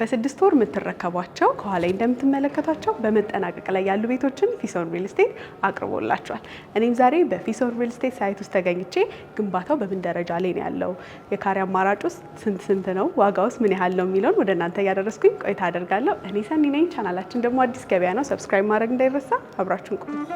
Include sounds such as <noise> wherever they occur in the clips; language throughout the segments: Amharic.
በስድስት ወር የምትረከቧቸው ከኋላ እንደምትመለከቷቸው በመጠናቀቅ ላይ ያሉ ቤቶችን ፊሶን ሪል ስቴት አቅርቦላቸዋል። እኔም ዛሬ በፊሶን ሪል ስቴት ሳይት ውስጥ ተገኝቼ ግንባታው በምን ደረጃ ላይ ነው ያለው፣ የካሬ አማራጭ ውስጥ ስንት ስንት ነው፣ ዋጋ ውስጥ ምን ያህል ነው የሚለውን ወደ እናንተ እያደረስኩኝ ቆይታ አደርጋለሁ። እኔ ሰኒ ነኝ። ቻናላችን ደግሞ አዲስ ገበያ ነው። ሰብስክራይብ ማድረግ እንዳይረሳ። አብራችሁን ቆዩ።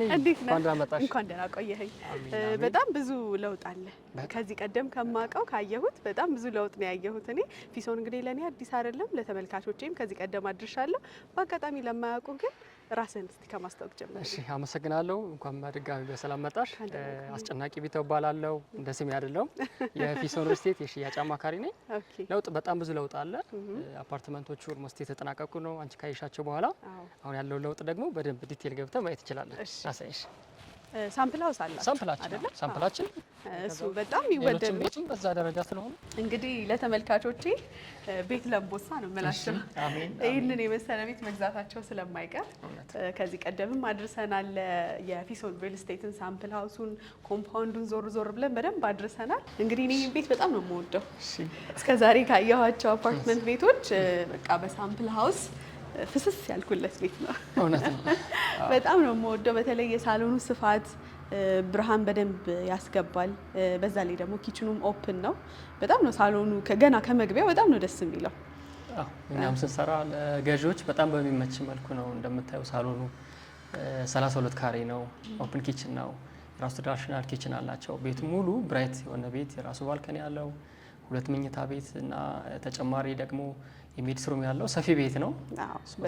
ሰኒ እንኳን ደህና ቆየኸኝ። በጣም ብዙ ለውጥ አለ። ከዚህ ቀደም ከማውቀው ካየሁት በጣም ብዙ ለውጥ ነው ያየሁት። እኔ ፊሶን እንግዲህ ለእኔ አዲስ አይደለም፣ ከዚህ ቀደም አድርሻለሁ። በአጋጣሚ ለማያውቁ ግን ራስን እስቲ ከማስታወቅ ጀምር። እሺ፣ አመሰግናለሁ። እንኳን በድጋሚ በሰላም መጣሽ። አስጨናቂ ቢተው እባላለሁ። እንደ ስሜ አይደለሁም። <laughs> የፊሶን ስቴት የሽያጭ አማካሪ ነኝ። ለውጥ በጣም ብዙ ለውጥ አለ። አፓርትመንቶቹ ኦልሞስት የተጠናቀቁ ነው አንቺ ካየሻቸው በኋላ። አሁን ያለውን ለውጥ ደግሞ በደንብ ዲቴል ገብተ ማየት እንችላለን። ሳምፕል ሀውስ አላችሁ አይደለ? ሳምፕላችን እሱ በጣም ይወደድ በዛ ደረጃ ስለሆነ እንግዲህ ለተመልካቾች ቤት ለምቦሳ ነው የምላቸው። ይህንን የመሰለ ቤት መግዛታቸው ስለማይቀር ከዚህ ቀደምም አድርሰናል። የፊሶን ሪል ስቴትን ሳምፕል ኮምፓውንዱን ዞር ዞር ብለን በደንብ አድርሰናል። እንግዲህ እኔ ቤት በጣም ነው የምወደው። እስከዛሬ ካየኋቸው አፓርትመንት ቤቶች በቃ በሳምፕል ሀውስ ፍስስ ያልኩለት ቤት ነው። እውነት ነው። <laughs> በጣም ነው የምወደው። በተለይ የሳሎኑ ስፋት ብርሃን በደንብ ያስገባል። በዛ ላይ ደግሞ ኪችኑም ኦፕን ነው። በጣም ነው ሳሎኑ ገና ከመግቢያው በጣም ነው ደስ የሚለው። እኛም ስንሰራ ለገዢዎች በጣም በሚመች መልኩ ነው። እንደምታየው ሳሎኑ 32 ካሬ ነው። ኦፕን ኪችን ነው። የራሱ ትራዲሽናል ኪችን አላቸው። ቤት ሙሉ ብራይት የሆነ ቤት፣ የራሱ ባልከኒ ያለው ሁለት መኝታ ቤት እና ተጨማሪ ደግሞ የሜድስ ሩም ያለው ሰፊ ቤት ነው።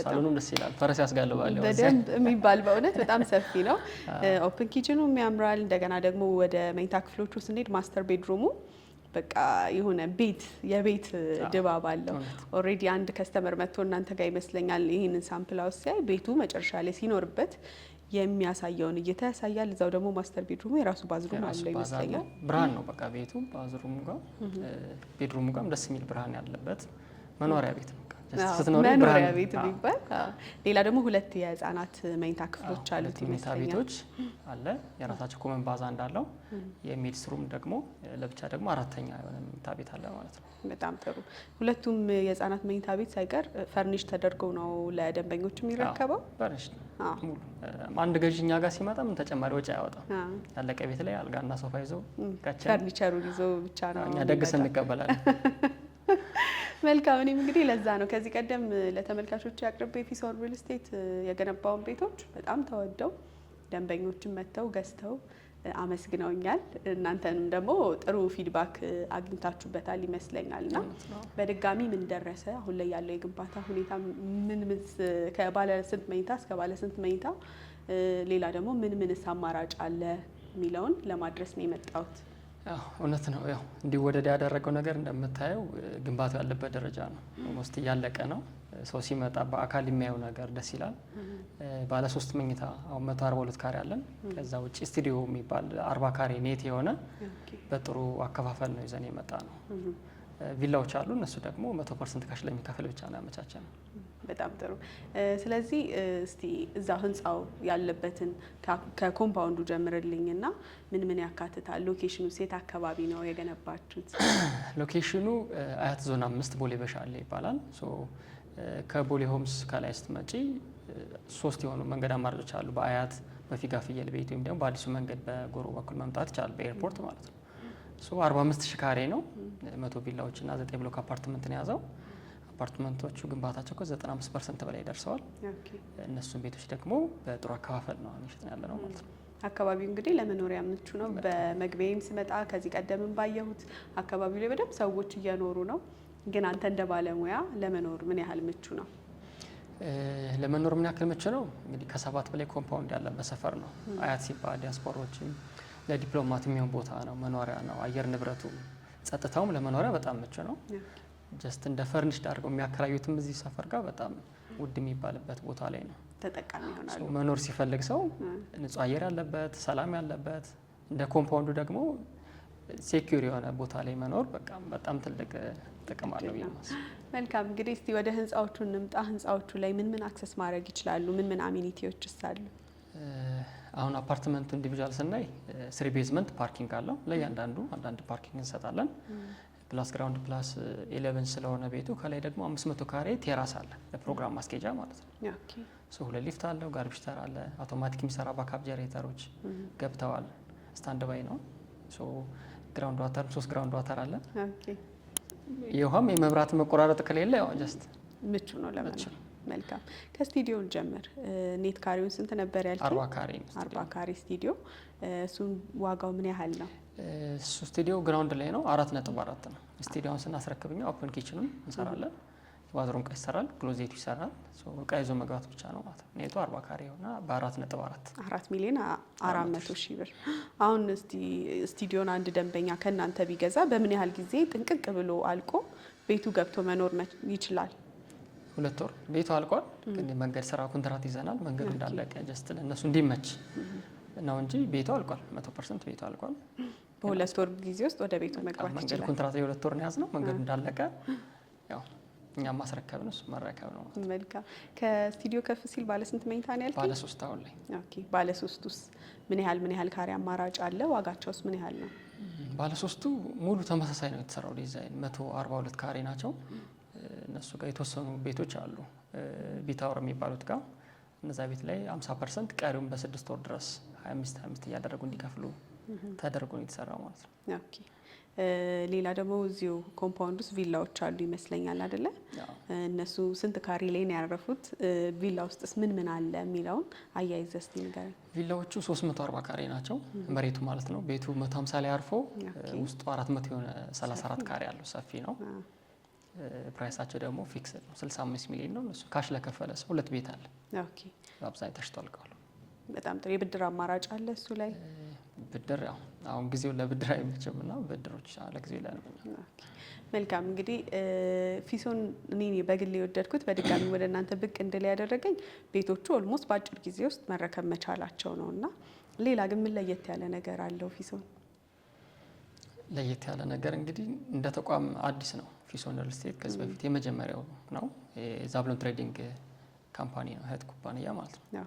ሳሎኑም ደስ ይላል፣ ፈረስ ያስጋልባል በደንብ የሚባል በእውነት <laughs> በጣም ሰፊ ነው። ኦፕን ኪችኑ ያምራል። እንደገና ደግሞ ወደ መኝታ ክፍሎቹ ስንሄድ ማስተር ቤድሩሙ በቃ የሆነ ቤት የቤት ድባብ አለው። ኦልሬዲ አንድ ከስተመር መጥቶ እናንተ ጋር ይመስለኛል ይህንን ሳምፕል ሀውስ ሲያይ ቤቱ መጨረሻ ላይ ሲኖርበት የሚያሳየውን እይታ ያሳያል። እዛው ደግሞ ማስተር ቤድሩሙ የራሱ ባዝሩም አለው ይመስለኛል። ብርሃን ነው በቃ ቤቱ ባዝሩሙ ጋር ቤድሩሙ ጋርም ደስ የሚል ብርሃን ያለበት መኖሪያ ቤት መኖሪያ ቤት የሚባል ሌላ ደግሞ ሁለት የህጻናት መኝታ ክፍሎች አሉት ይመስለኛል። ቤቶች አለ የራሳቸው ኮመን ባዛ እንዳለው የሜድስ ሩም ደግሞ ለብቻ ደግሞ አራተኛ የሆነ መኝታ ቤት አለ ማለት ነው። በጣም ጥሩ። ሁለቱም የህጻናት መኝታ ቤት ሳይቀር ፈርኒሽ ተደርገው ነው ለደንበኞች የሚረከበው። ፈርኒሽ ሙሉ አንድ ገዥኛ ጋር ሲመጣ ምን ተጨማሪ ወጪ አያወጣም። ያለቀ ቤት ላይ አልጋና ሶፋ ይዞ ፈርኒቸሩን ይዞ ብቻ ነው እኛ ደግስ እንቀበላለን። <laughs> መልካም። እኔም እንግዲህ ለዛ ነው ከዚህ ቀደም ለተመልካቾች አቅርቤ ኤፒሶድ ሪል ስቴት የገነባውን ቤቶች በጣም ተወደው ደንበኞችን መጥተው ገዝተው አመስግነውኛል። እናንተንም ደግሞ ጥሩ ፊድባክ አግኝታችሁበታል ይመስለኛል እና በድጋሚ ምን ደረሰ አሁን ላይ ያለው የግንባታ ሁኔታ ምን ምን ከባለ ስንት መኝታ እስከ ባለ ስንት መኝታ ሌላ ደግሞ ምን ምንስ አማራጭ አለ የሚለውን ለማድረስ ነው የመጣሁት። እውነት ነው። ያው እንዲወደድ ያደረገው ነገር እንደምታየው ግንባታው ያለበት ደረጃ ነው። ኦልሞስት እያለቀ ነው። ሰው ሲመጣ በአካል የሚያየው ነገር ደስ ይላል። ባለ ሶስት መኝታ አሁን መቶ አርባ ሁለት ካሬ አለን። ከዛ ውጭ ስቱዲዮ የሚባል አርባ ካሬ ኔት የሆነ በጥሩ አከፋፈል ነው ይዘን የመጣ ነው። ቪላዎች አሉ። እነሱ ደግሞ መቶ ፐርሰንት ካሽ ለሚከፍል ብቻ ነው ያመቻቸ ነው። በጣም ጥሩ። ስለዚህ እስቲ እዛ ህንፃው ያለበትን ከኮምፓውንዱ ጀምርልኝ እና ምን ምን ያካትታል? ሎኬሽኑ ሴት አካባቢ ነው የገነባችሁት? <clears throat> ሎኬሽኑ አያት ዞን አምስት ቦሌ በሻለ ይባላል። ከቦሌ ሆምስ ከላይ ስትመጪ ሶስት የሆኑ መንገድ አማራጮች አሉ። በአያት በፊጋ ፍየል ቤት ወይም ደግሞ በአዲሱ መንገድ በጎሮ በኩል መምጣት ይቻላል፣ በኤርፖርት ማለት ነው። 45 ሺህ ካሬ ነው። መቶ ቪላዎች እና ዘጠኝ ብሎክ አፓርትመንትን የያዘው አፓርትመንቶቹ ግንባታቸው ከ95 ፐርሰንት በላይ ደርሰዋል። እነሱን ቤቶች ደግሞ በጥሩ አከፋፈል ነው እየሸጥን ያለ ነው ማለት ነው። አካባቢው እንግዲህ ለመኖሪያ ምቹ ነው። በመግቢያም ስመጣ ከዚህ ቀደምም ባየሁት አካባቢው ላይ በደንብ ሰዎች እየኖሩ ነው። ግን አንተ እንደ ባለሙያ ለመኖር ምን ያህል ምቹ ነው? ለመኖር ምን ያክል ምቹ ነው? እንግዲህ ከሰባት በላይ ኮምፓውንድ ያለበት ሰፈር ነው። አያት ሲባል ዲያስፖሮችም ለዲፕሎማት የሚሆን ቦታ ነው፣ መኖሪያ ነው። አየር ንብረቱ ጸጥታውም ለመኖሪያ በጣም ምቹ ነው። ጀስት እንደ ፈርኒሽድ አድርገው የሚያከራዩትም እዚህ ሰፈር ጋር በጣም ውድ የሚባልበት ቦታ ላይ ነው ተጠቃሚ ይሆናሉ። መኖር ሲፈልግ ሰው ንጹህ አየር ያለበት ሰላም ያለበት እንደ ኮምፓውንዱ ደግሞ ሴኪር የሆነ ቦታ ላይ መኖር በጣም ትልቅ ጥቅም አለው። መልካም እንግዲህ እስቲ ወደ ህንፃዎቹ እንምጣ። ህንፃዎቹ ላይ ምን ምን አክሰስ ማድረግ ይችላሉ? ምን ምን አሚኒቲዎች አሉ? አሁን አፓርትመንቱ ኢንዲቪዥዋል ስናይ ስሪ ቤዝመንት ፓርኪንግ አለው። ለእያንዳንዱ አንዳንድ ፓርኪንግ እንሰጣለን። ፕላስ ግራውንድ ፕላስ ኢሌቨን ስለሆነ ቤቱ ከላይ ደግሞ አምስት መቶ ካሬ ቴራስ አለ ለፕሮግራም ማስኬጃ ማለት ነው። ሁለት ሊፍት አለው፣ ጋርቢሽተር አለ፣ አውቶማቲክ የሚሰራ ባካፕ ጀኔሬተሮች ገብተዋል። ስታንድ ባይ ነው። ግራውንድ ዋተር ሶስት ግራውንድ ዋተር አለ። የውሃም የመብራት መቆራረጥ ከሌለ ያው ጀስት ምቹ ነው ለመኖር። መልካም ከስቱዲዮን ጀምር ኔት ካሬውን ስንት ነበር ያልከኝ? አርባ ካሬ ስቱዲዮ። እሱን ዋጋው ምን ያህል ነው? ስቱዲዮ ግራውንድ ላይ ነው። አራት ነጥብ አራት ነው። ስቱዲዮውን ስናስረክብኛ ኦፕን ኪችንም እንሰራለን። ባዝሩም ቀ ይሰራል፣ ክሎዜቱ ይሰራል። እቃ ይዞ መግባት ብቻ ነው ማለት ነው። ኔቱ አርባ ካሬ የሆነ በአራት ነጥብ አራት አራት ሚሊዮን አራት መቶ ሺህ ብር። አሁን እስቲ ስቱዲዮን አንድ ደንበኛ ከእናንተ ቢገዛ በምን ያህል ጊዜ ጥንቅቅ ብሎ አልቆ ቤቱ ገብቶ መኖር ይችላል? ሁለት ወር ቤቱ አልቋል። ግን መንገድ ስራ ኮንትራት ይዘናል። መንገድ እንዳለቀ ጀስት ለእነሱ እንዲመች ነው እንጂ ቤቱ አልቋል። መቶ ፐርሰንት ቤቱ አልቋል። በሁለት ወር ጊዜ ውስጥ ወደ ቤቱ መግባት ይችላል። ኮንትራት የሁለት ወር ነው መንገዱ እንዳለቀ ያው እኛም ማስረከብ ነው፣ እሱ መረከብ ነው። መልካም። ከስቱዲዮ ከፍ ሲል ባለስንት መኝታ ነው ያልከኝ? ባለሶስት አሁን ላይ። ኦኬ። ባለሶስት ውስጥ ምን ያህል ምን ያህል ካሬ አማራጭ አለ? ዋጋቸውስ ምን ያህል ነው? ባለሶስቱ ሙሉ ተመሳሳይ ነው የተሰራው ዲዛይን፣ 142 አርባ ካሬ ናቸው። እነሱ ጋር የተወሰኑ ቤቶች አሉ ቢታወር የሚባሉት ጋር እነዛ ቤት ላይ 50 ፐርሰንት ቀሪውን በስድስት ወር ድረስ 25 25 እያደረጉ እንዲከፍሉ ተደርጎ ነው የተሰራው ማለት ነው። ኦኬ ሌላ ደግሞ እዚሁ ኮምፓውንድ ውስጥ ቪላዎች አሉ ይመስለኛል አይደለ? እነሱ ስንት ካሬ ላይ ነው ያረፉት? ቪላ ውስጥስ ምን ምን አለ የሚለውን አያይዘህ እስኪ ንገረኝ። ቪላዎቹ 340 ካሬ ናቸው መሬቱ ማለት ነው። ቤቱ 150 ላይ አርፎ ውስጡ 400 የሆነ 34 ካሬ አለው ሰፊ ነው። ፕራይሳቸው ደግሞ ፊክስ ነው 65 ሚሊዮን ነው። እነሱ ካሽ ለከፈለ ሰው ሁለት ቤት አለ። ኦኬ አብዛኛው ተሽጧል። በጣም ጥሩ የብድር አማራጭ አለ እሱ ላይ ብድር ያው አሁን ጊዜው ለብድር አይመችም እና ብድሮች ጊዜ ይላሉኛል። መልካም እንግዲህ ፊሶን እኔ በግል የወደድኩት በድጋሚ ወደ እናንተ ብቅ እንድል ያደረገኝ ቤቶቹ ኦልሞስት በአጭር ጊዜ ውስጥ መረከብ መቻላቸው ነው እና ሌላ ግን ምን ለየት ያለ ነገር አለው ፊሶን? ለየት ያለ ነገር እንግዲህ እንደ ተቋም አዲስ ነው ፊሶን ሪል ስቴት ከዚህ በፊት የመጀመሪያው ነው። ዛብሎን ትሬዲንግ ካምፓኒ ነው እህት ኩባንያ ማለት ነው።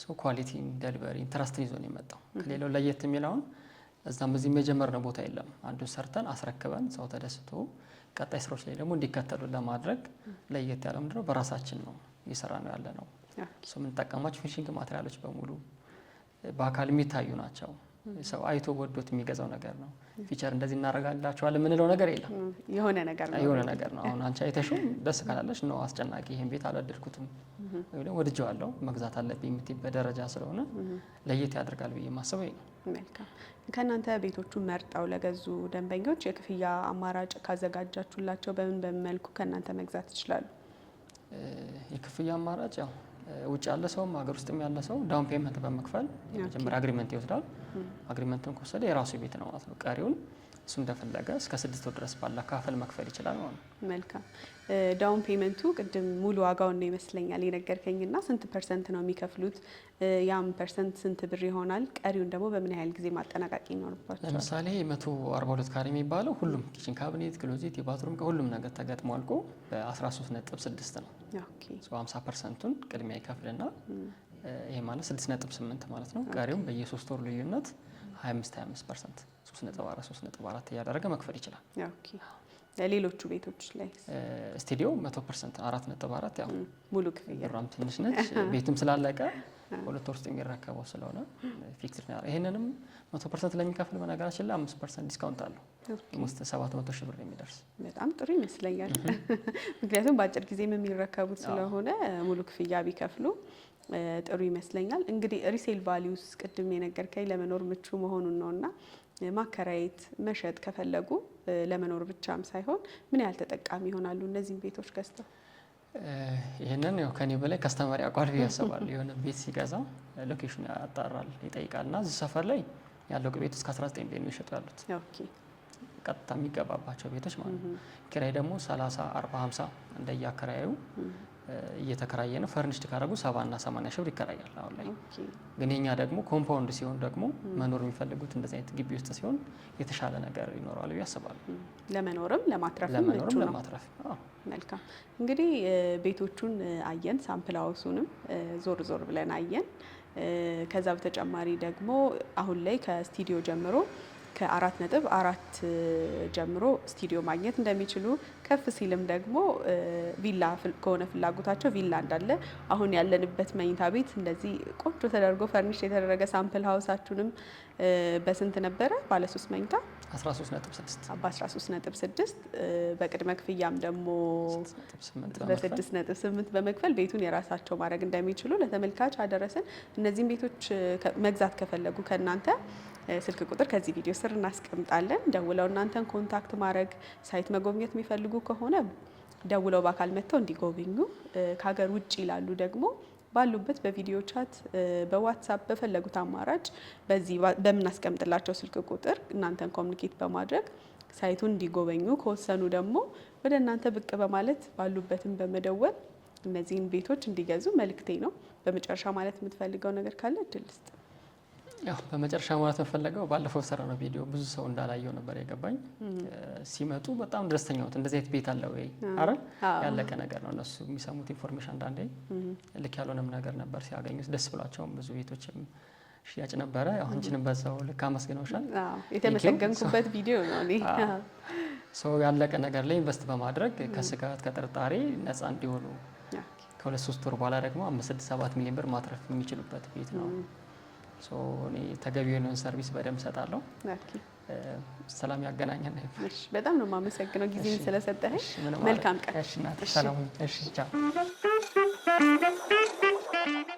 ሶ ኳሊቲ ደሊቨሪ ኢንትረስትን ይዞ ነው የመጣው። ከሌላው ለየት የሚለውን እዛም በዚህ መጀመር ነው ቦታ የለም። አንዱን ሰርተን አስረክበን ሰው ተደስቶ ቀጣይ ስራዎች ላይ ደግሞ እንዲከተሉ ለማድረግ ለየት ያለ ምንድነው በራሳችን ነው እየሰራ ነው ያለ ነው። የምንጠቀማቸው ፊኒሽንግ ማቴሪያሎች በሙሉ በአካል የሚታዩ ናቸው። ሰው አይቶ ወዶት የሚገዛው ነገር ነው። ፊቸር እንደዚህ እናደርጋላችኋለን የምንለው ነገር የለም። የሆነ ነገር ነው የሆነ ነገር ነው። አሁን አንቺ አይተሽው ደስ ካላለሽ ነው አስጨናቂ፣ ይሄን ቤት አልወደድኩትም ወይ ወድጀዋለሁ መግዛት አለብኝ የምትይበት ደረጃ ስለሆነ ለየት ያደርጋል ብዬ ማሰበኝ ነው። መልካም። ከእናንተ ቤቶቹን መርጠው ለገዙ ደንበኞች የክፍያ አማራጭ ካዘጋጃችሁላቸው በምን በምን መልኩ ከእናንተ መግዛት ይችላሉ? የክፍያ አማራጭ ያው ውጭ ያለ ሰውም ሀገር ውስጥም ያለ ሰው ዳውን ፔመንት በመክፈል የመጀመሪያ አግሪመንት ይወስዳል። አግሪመንቱን ከወሰደ የራሱ ቤት ነው ማለት ነው። ቀሪውን እሱ እንደፈለገ እስከ ስድስት ወር ድረስ ባለ ካፈል መክፈል ይችላል ማለት ነው። መልካም ዳውን ፔመንቱ ቅድም ሙሉ ዋጋውን ነው ይመስለኛል የነገርከኝ ና ስንት ፐርሰንት ነው የሚከፍሉት? ያም ፐርሰንት ስንት ብር ይሆናል? ቀሪውን ደግሞ በምን ያህል ጊዜ ማጠናቀቅ ይኖርባቸዋል? ለምሳሌ መቶ አርባ ሁለት ካሬ የሚባለው ሁሉም ኪችን ካቢኔት፣ ክሎዜት፣ የባትሩም ሁሉም ነገር ተገጥሞ አልቆ በ13 ነጥብ ስድስት ነው ሀምሳ ፐርሰንቱን ቅድሚያ ይከፍልና ይሄ ማለት 6.8 ማለት ነው። ቀሪውም በየሶስት ወር ልዩነት 25 25 ፐርሰንት 3.4 እያደረገ መክፈል ይችላል። ለሌሎቹ ቤቶች ላይ ስቱዲዮ 100 ፐርሰንት 4.4 ያው ሙሉ ክፍያ ትንሽ ነች። <laughs> ቤቱም ስላለቀ ሁለት ወር ውስጥ የሚረከበው ስለሆነ ፊክስድ ነው። ይሄንንም 100 ፐርሰንት ለሚከፍል በነገራችን ላይ 5 ፐርሰንት ዲስካውንት አለው ውስጥ 700 ሺህ ብር የሚደርስ በጣም ጥሩ ይመስለኛል። <laughs> ምክንያቱም በአጭር ጊዜም የሚረከቡት ስለሆነ ሙሉ ክፍያ ቢከፍሉ ጥሩ ይመስለኛል። እንግዲህ ሪሴል ቫሊዩስ ቅድም የነገርከኝ ለመኖር ምቹ መሆኑን ነው እና ማከራየት መሸጥ ከፈለጉ ለመኖር ብቻም ሳይሆን ምን ያህል ተጠቃሚ ይሆናሉ እነዚህም ቤቶች ገዝተው? ይህንን ያው ከኔ በላይ ከስተማሪ አቋል ያስባል። የሆነ ቤት ሲገዛ ሎኬሽን ያጣራል፣ ይጠይቃል እና እዚህ ሰፈር ላይ ያለው ቤት እስከ 19 ቤት ነው ይሸጡ ያሉት ቀጥታ የሚገባባቸው ቤቶች ማለት ነው። ኪራይ ደግሞ 30፣ 40፣ 50 እንደየአከራዩ እየተከራየ ነው። ፈርኒሽድ ካደረጉ ሰባ እና ሰማንያ ሺህ ብር ይከራያል አሁን ላይ። ግን የኛ ደግሞ ኮምፓውንድ ሲሆን ደግሞ መኖር የሚፈልጉት እንደዚህ አይነት ግቢ ውስጥ ሲሆን የተሻለ ነገር ይኖረዋል ብዬ አስባለሁ። ለመኖርም ለማትረፍ ለመኖርም ለማትረፍ መልካም። እንግዲህ ቤቶቹን አየን፣ ሳምፕል ሀውሱንም ዞር ዞር ብለን አየን። ከዛ በተጨማሪ ደግሞ አሁን ላይ ከስቱዲዮ ጀምሮ ከአራት ነጥብ አራት ጀምሮ ስቱዲዮ ማግኘት እንደሚችሉ ከፍ ሲልም ደግሞ ቪላ ከሆነ ፍላጎታቸው ቪላ እንዳለ አሁን ያለንበት መኝታ ቤት እንደዚህ ቆንጆ ተደርጎ ፈርኒሽ የተደረገ ሳምፕል ሀውሳችሁንም በስንት ነበረ? ባለሶስት መኝታ 13 ነጥብ ስድስት በቅድመ ክፍያም ደግሞ በስድስት ነጥብ ስምንት በመክፈል ቤቱን የራሳቸው ማድረግ እንደሚችሉ ለተመልካች አደረስን። እነዚህም ቤቶች መግዛት ከፈለጉ ከእናንተ ስልክ ቁጥር ከዚህ ቪዲዮ ስር እናስቀምጣለን። ደውለው እናንተን ኮንታክት ማድረግ ሳይት መጎብኘት የሚፈልጉ ከሆነ ደውለው በአካል መጥተው እንዲጎበኙ፣ ከሀገር ውጭ ይላሉ ደግሞ ባሉበት በቪዲዮ ቻት፣ በዋትሳፕ በፈለጉት አማራጭ በዚህ በምናስቀምጥላቸው ስልክ ቁጥር እናንተን ኮሚኒኬት በማድረግ ሳይቱን እንዲጎበኙ ከወሰኑ ደግሞ ወደ እናንተ ብቅ በማለት ባሉበትም በመደወል እነዚህን ቤቶች እንዲገዙ መልእክቴ ነው። በመጨረሻ ማለት የምትፈልገው ነገር ካለ እድል ስጥ። ያው በመጨረሻ ማለት የምፈለገው ባለፈው ነው ቪዲዮ ብዙ ሰው እንዳላየው ነበር የገባኝ። ሲመጡ በጣም ደስተኛ ነዎት፣ እንደዚህ አይነት ቤት አለ ወይ አረ ያለቀ ነገር ነው። እነሱ የሚሰሙት ኢንፎርሜሽን አንዳንዴ ልክ ያልሆነም ነገር ነበር ሲያገኙት፣ ደስ ብሏቸውም ብዙ ቤቶችም ሽያጭ ነበረ። ያው አንቺንም በዛው ልክ አመስግነውሻል። የተመሰገንኩበት ቪዲዮ ነው እኔ ሰው ያለቀ ነገር ላይ ኢንቨስት በማድረግ ከስጋት ከጥርጣሬ ነፃ እንዲሆኑ ከሁለት ሶስት ወር በኋላ ደግሞ አምስት ስድስት ሰባት ሚሊዮን ብር ማትረፍ የሚችሉበት ቤት ነው። እኔ ተገቢውን ሰርቪስ በደንብ ሰጣለሁ። ሰላም ያገናኘን። በጣም ነው የማመሰግነው ጊዜን ስለሰጠህ። መልካም ቀን።